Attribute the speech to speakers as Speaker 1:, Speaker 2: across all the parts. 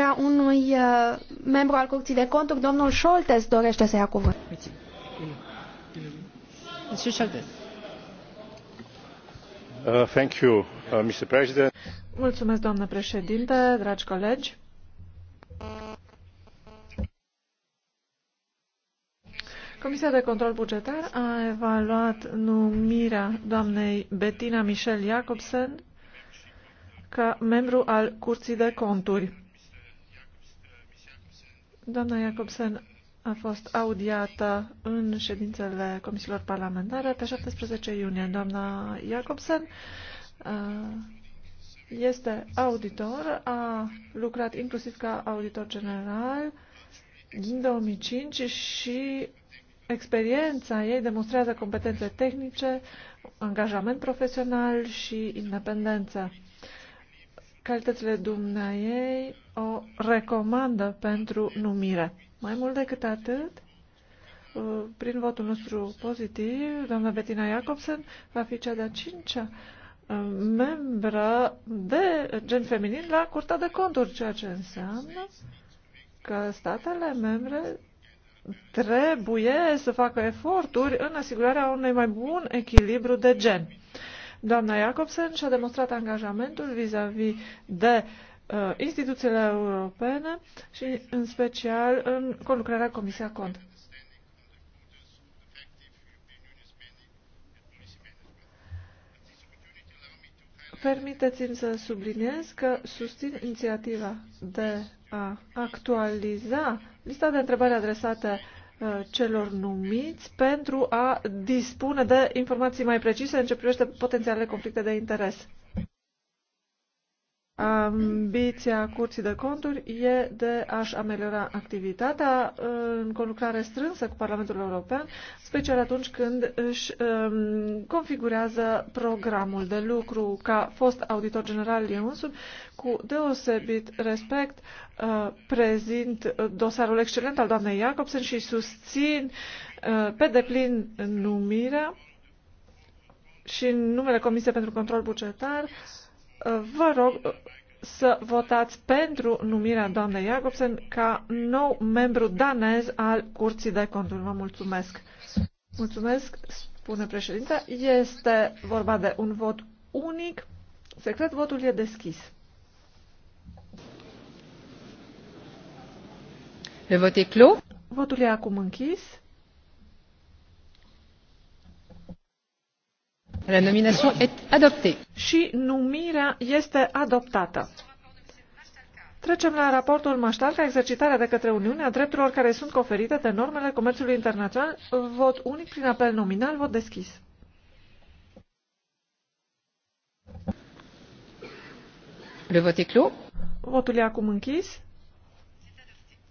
Speaker 1: numirea unui uh, membru al Curții de Conturi. Domnul Scholtes dorește să ia cuvânt.
Speaker 2: Uh, uh, Mulțumesc, doamnă președinte, dragi colegi. Comisia de control bugetar a evaluat numirea doamnei Bettina Michel Jacobsen ca membru al Curții de Conturi. Doamna Jacobsen a fost audiată în ședințele comisiilor parlamentare pe 17 iunie. Doamna Jacobsen este auditor, a lucrat inclusiv ca auditor general din 2005 și experiența ei demonstrează competențe tehnice, angajament profesional și independență calitățile dumneaei o recomandă pentru numire. Mai mult decât atât, uh, prin votul nostru pozitiv, doamna Bettina Jacobsen va fi cea de-a cincea uh, membră de gen feminin la Curtea de Conturi, ceea ce înseamnă că statele membre trebuie să facă eforturi în asigurarea unui mai bun echilibru de gen. Doamna Jacobsen și-a demonstrat angajamentul vis-a-vis -vis de uh, instituțiile europene și în special în conlucrarea Comisia Cont. Permiteți-mi să subliniez că susțin inițiativa de a actualiza lista de întrebări adresate Uh, celor numiți pentru a dispune de informații mai precise în ce privește potențialele conflicte de interes. Ambiția Curții de Conturi e de a-și ameliora activitatea în conlucrare strânsă cu Parlamentul European, special atunci când își um, configurează programul de lucru. Ca fost auditor general eu însumi, cu deosebit respect uh, prezint dosarul excelent al doamnei Jacobsen și susțin uh, pe deplin numirea și în numele Comisiei pentru Control Bugetar vă rog uh, să votați pentru numirea doamnei Jacobsen ca nou membru danez al Curții de Conturi. Vă mulțumesc. Mulțumesc, spune președinta. Este vorba de un vot unic. Secret, votul e deschis. Le vot clos. Votul e acum închis. La nomination Și numirea este adoptată. Trecem la raportul Maștalca, exercitarea de către Uniune a drepturilor care sunt conferite de normele comerțului internațional, vot unic prin apel nominal, vot deschis.
Speaker 1: Le vot e clos.
Speaker 2: Votul e acum închis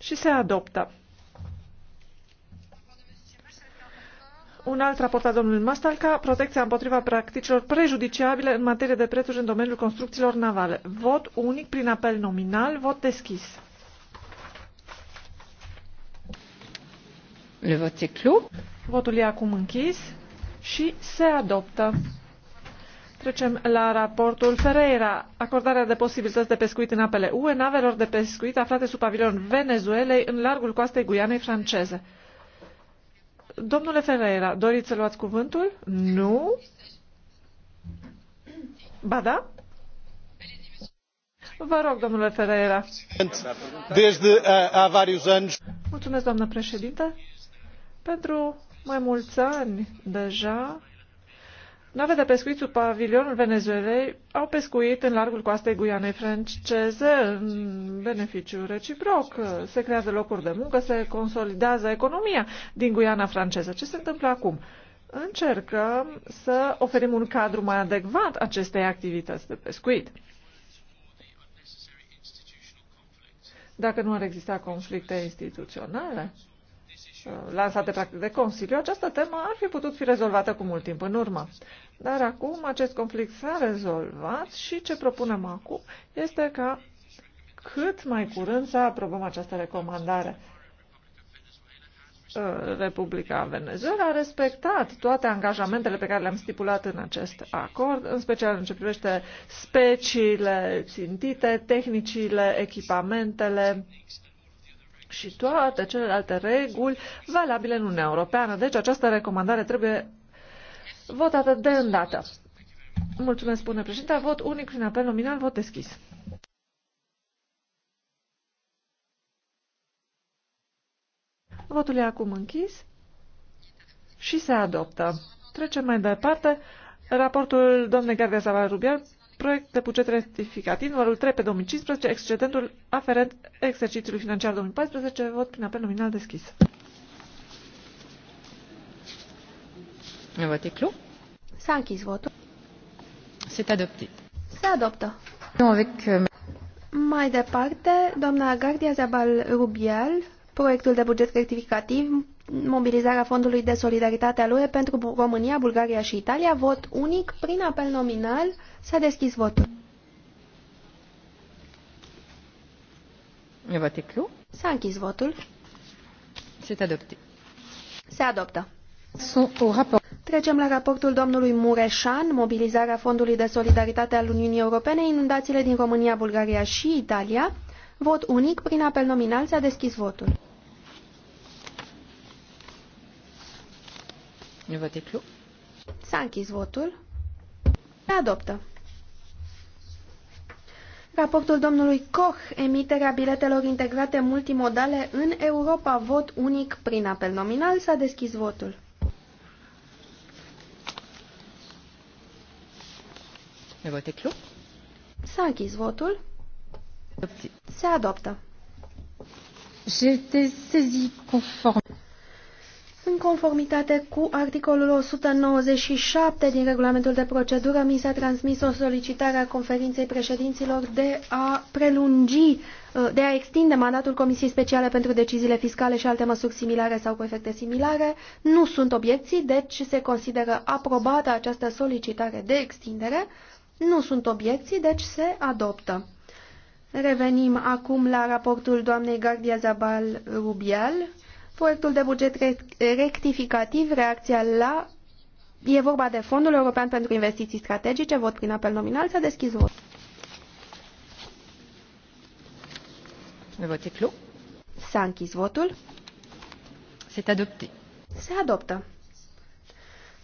Speaker 2: și se adoptă. Un alt raport al domnului Mastalca, protecția împotriva practicilor prejudiciabile în materie de prețuri în domeniul construcțiilor navale. Vot unic prin apel nominal, vot deschis.
Speaker 3: Le vot e clos.
Speaker 2: Votul e acum închis și se adoptă. Trecem la raportul Ferreira. Acordarea de posibilități de pescuit în apele UE navelor de pescuit aflate sub pavilion Venezuelei în largul coastei Guianei franceze. Domnule Ferreira, doriți să luați cuvântul? Nu? Ba da? Vă rog, domnule Ferreira. Desde a eh, vários anos. Mulțumesc, doamnă președinte. Pentru mai mulți ani deja Nave de pescuit sub pavilionul Venezuelei au pescuit în largul coastei Guianei franceze în beneficiu reciproc. Se creează locuri de muncă, se consolidează economia din Guiana franceză. Ce se întâmplă acum? Încercăm să oferim un cadru mai adecvat acestei activități de pescuit. Dacă nu ar exista conflicte instituționale, lansate practic de Consiliu, această temă ar fi putut fi rezolvată cu mult timp în urmă. Dar acum acest conflict s-a rezolvat și ce propunem acum este ca cât mai curând să aprobăm această recomandare. Uh, Republica Venezuela a respectat toate angajamentele pe care le-am stipulat în acest acord, în special în ce privește speciile țintite, tehnicile, echipamentele, și toate celelalte reguli valabile în Uniunea Europeană. Deci această recomandare trebuie votată de îndată. Mulțumesc, spune președinte. Vot unic prin apel nominal, vot deschis. Votul e acum închis și se adoptă. Trecem mai departe. Raportul domnului Gardia Zavar Rubial proiect de buget rectificativ numărul 3 pe 2015, excedentul aferent exercițiului financiar 2014, vot prin apel nominal deschis. S-a închis votul.
Speaker 1: S-a adoptat. Se adoptă. Euh, Mai departe, doamna Gardia Zabal Rubial, proiectul de buget rectificativ, mobilizarea Fondului de Solidaritate al UE pentru România, Bulgaria și Italia, vot unic prin apel nominal. S-a deschis votul. S-a închis votul. Se adoptă. Trecem la raportul domnului Mureșan, mobilizarea Fondului de Solidaritate al Uniunii Europene, inundațiile din România, Bulgaria și Italia. Vot unic prin apel nominal s-a deschis votul. S-a închis votul. Se adoptă. Raportul domnului Koch, emiterea biletelor integrate multimodale în Europa, vot unic prin apel nominal, s-a deschis votul. S-a închis votul. Se adoptă. J'étais saisi conform. În conformitate cu articolul 197 din regulamentul de procedură, mi s-a transmis o solicitare a conferinței președinților de a prelungi, de a extinde mandatul Comisiei Speciale pentru Deciziile Fiscale și alte măsuri similare sau cu efecte similare. Nu sunt obiecții, deci se consideră aprobată această solicitare de extindere. Nu sunt obiecții, deci se adoptă. Revenim acum la raportul doamnei Gardia Zabal Rubial. Proiectul de buget rectificativ, reacția la... E vorba de Fondul European pentru Investiții Strategice, vot prin apel nominal, s-a deschis vot. S-a închis votul. Se adoptă.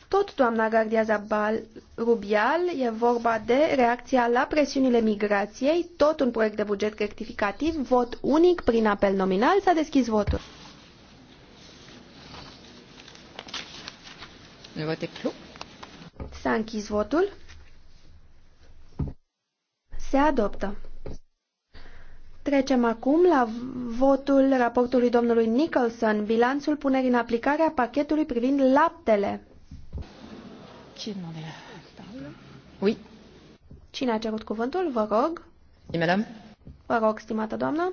Speaker 1: Tot doamna Gardia Zabal Rubial e vorba de reacția la presiunile migrației, tot un proiect de buget rectificativ, vot unic prin apel nominal, s-a deschis votul. S-a închis votul. Se adoptă. Trecem acum la votul raportului domnului Nicholson, bilanțul punerii în aplicare a pachetului privind laptele. Qui la parole Oui. Cine a cerut cuvântul, vă rog. Et madame. Vă rog, stimată doamnă.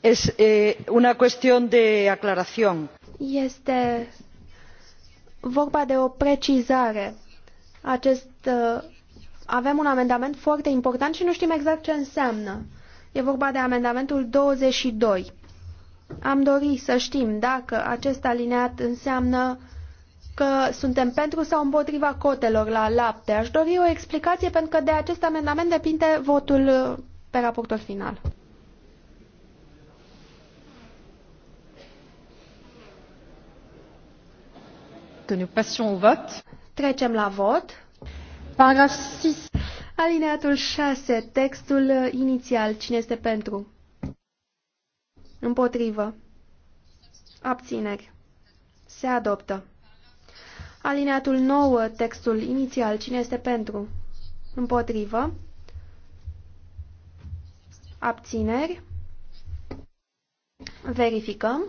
Speaker 2: Es eh, una cuestión de aclaración.
Speaker 1: Este vorba de o precizare. Acest uh, avem un amendament foarte important și nu știm exact ce înseamnă. E vorba de amendamentul 22. Am dorit să știm dacă acest alineat înseamnă că suntem pentru sau împotriva cotelor la lapte. Aș dori o explicație pentru că de acest amendament depinde votul uh, pe raportul final. Trecem la vot. Paragraf 6. Alineatul 6, textul uh, inițial. Cine este pentru? Împotrivă. Abțineri. Se adoptă. Alineatul 9, textul inițial, cine este pentru? Împotrivă. Abțineri. Verificăm.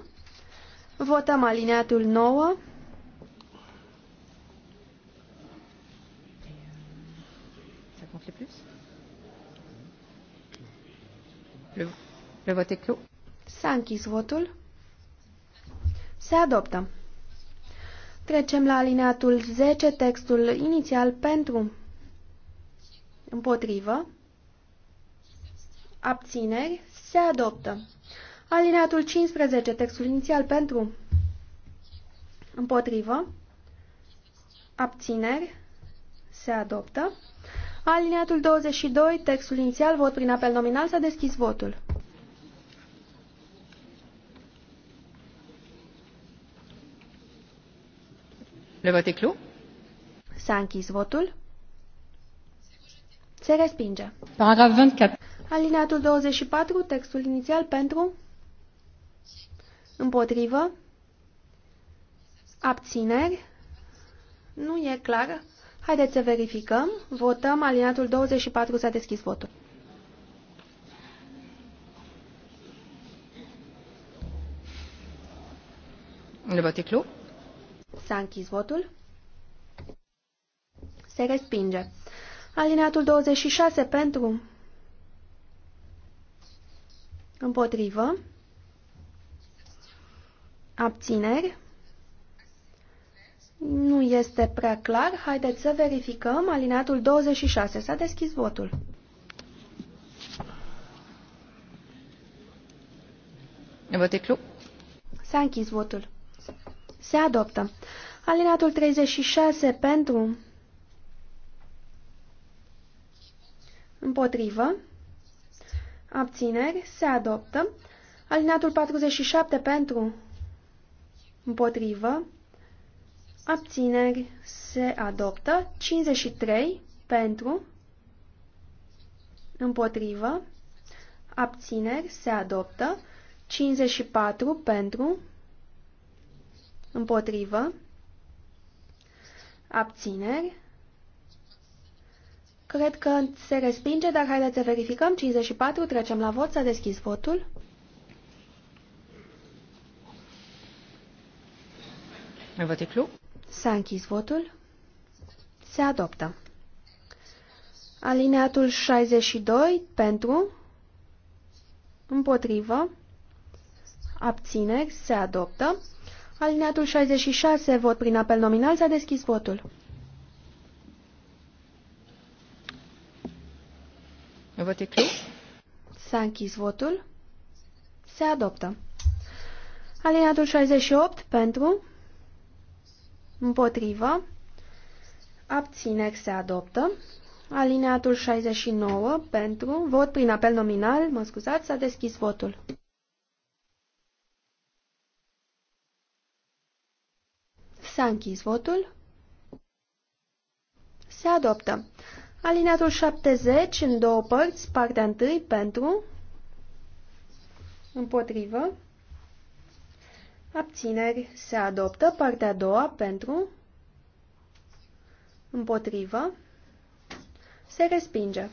Speaker 1: Votăm alineatul 9. Le S-a închis votul. Se adoptă. Trecem la alineatul 10, textul inițial pentru împotrivă, abțineri, se adoptă. Alineatul 15, textul inițial pentru împotrivă, abțineri, se adoptă. Alineatul 22, textul inițial, vot prin apel nominal, s-a deschis votul. Le vote est clos. S-a închis votul. Se respinge. Paragraf 24. Alineatul 24, textul inițial pentru, împotrivă, abțineri, nu e clar. Haideți să verificăm. Votăm alineatul 24, s-a deschis votul. Le vote est clos. S-a închis votul. Se respinge. Alineatul 26 pentru. Împotrivă. Abțineri. Nu este prea clar. Haideți să verificăm. Alineatul 26. S-a deschis votul. Vot S-a închis votul. Se adoptă. Alineatul 36 pentru. Împotrivă. Abțineri. Se adoptă. Alineatul 47 pentru. Împotrivă. Abțineri. Se adoptă. 53 pentru. Împotrivă. Abțineri. Se adoptă. 54 pentru. Împotrivă. Abțineri. Cred că se respinge, dar haideți să verificăm. 54, trecem la vot, să deschis votul. S-a închis votul. Se adoptă. Alineatul 62 pentru, împotrivă, abțineri, se adoptă. Alineatul 66, vot prin apel nominal, s-a deschis votul. Vot S-a închis votul. Se adoptă. Alineatul 68, pentru, împotrivă, abțineri se adoptă. Alineatul 69, pentru, vot prin apel nominal, mă scuzați, s-a deschis votul. S-a închis votul. Se adoptă. Alineatul 70 în două părți, partea 1 pentru, împotrivă, abțineri, se adoptă, partea a doua pentru, împotrivă, se respinge.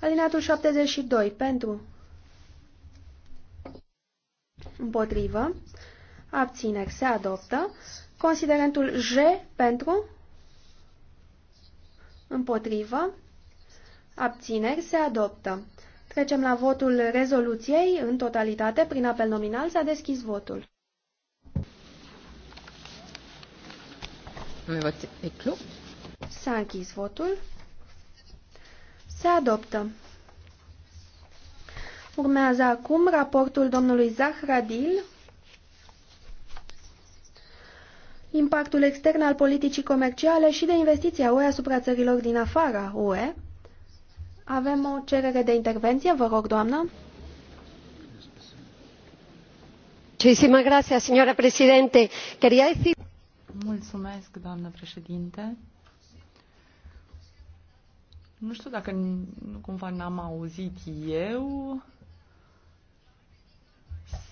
Speaker 1: Alineatul 72 pentru, împotrivă, abțineri, se adoptă, Considerentul J pentru, împotrivă, abțineri se adoptă. Trecem la votul rezoluției în totalitate. Prin apel nominal s-a deschis votul. S-a închis votul. Se adoptă. Urmează acum raportul domnului Zahradil impactul extern al politicii comerciale și de investiția UE asupra țărilor din afara UE. Avem o cerere de intervenție, vă rog, doamnă.
Speaker 3: Mulțumesc, doamnă președinte. Nu știu dacă cumva n-am auzit eu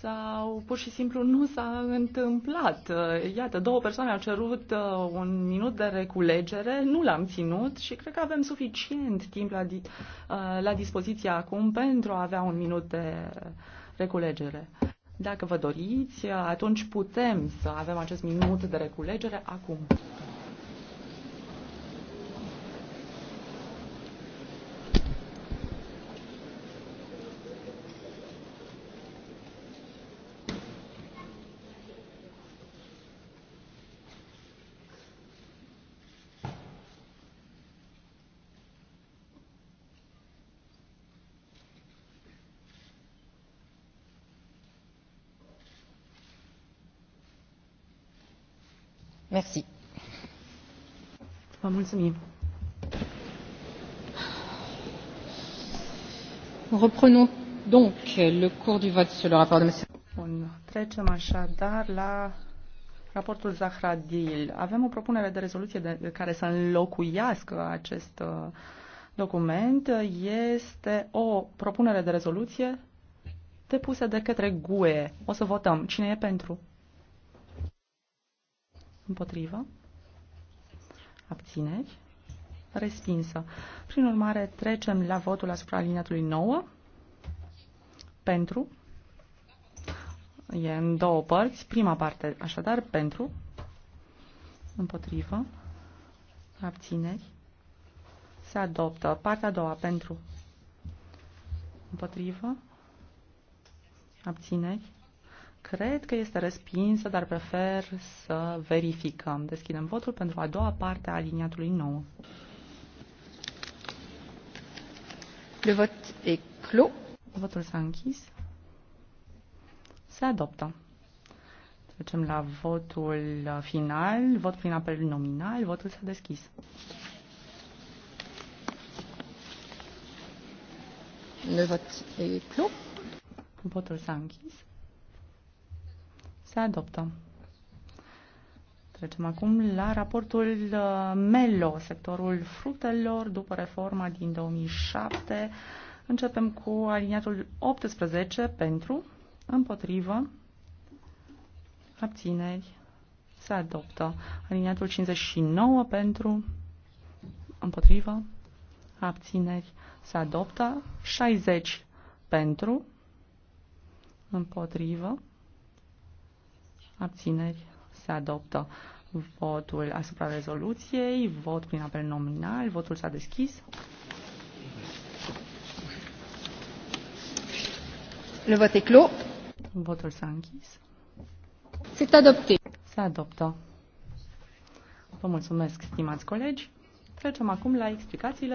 Speaker 3: sau pur și simplu nu s-a întâmplat. Iată, două persoane au cerut uh, un minut de reculegere, nu l-am ținut și cred că avem suficient timp la, di- uh, la dispoziție acum pentru a avea un minut de reculegere. Dacă vă doriți, atunci putem să avem acest minut de reculegere acum. Vă mulțumim. Reprenons donc le cours du vote sur le rapport de monsieur. Bun. Trecem așadar la raportul Zahradil. Avem o propunere de rezoluție de, care să înlocuiască acest uh, document. Este o propunere de rezoluție depusă de către GUE. O să votăm. Cine e pentru? Împotrivă. Abțineri. Respinsă. Prin urmare, trecem la votul asupra alineatului 9. Pentru. E în două părți. Prima parte, așadar, pentru. Împotrivă. Abțineri. Se adoptă. Partea a doua, pentru. Împotrivă. Abțineri. Cred că este respinsă, dar prefer să verificăm. Deschidem votul pentru a doua parte a aliniatului nou. Le vot e clos. Votul s-a închis. Se adoptă. Trecem la votul final, vot prin apel nominal, votul s-a deschis. Le vot e clos. Votul s-a închis. Se adoptă. Trecem acum la raportul uh, MELO, sectorul fructelor, după reforma din 2007. Începem cu aliniatul 18 pentru, împotrivă, abțineri, se adoptă. Aliniatul 59 pentru, împotrivă, abțineri, se adoptă. 60 pentru, împotrivă, abțineri, se adoptă. Votul asupra rezoluției, vot prin apel nominal, votul s-a deschis. Le vot est clos. Votul s-a închis. C'est adopté. Se adoptă. Vă mulțumesc, stimați colegi. Trecem acum la explicațiile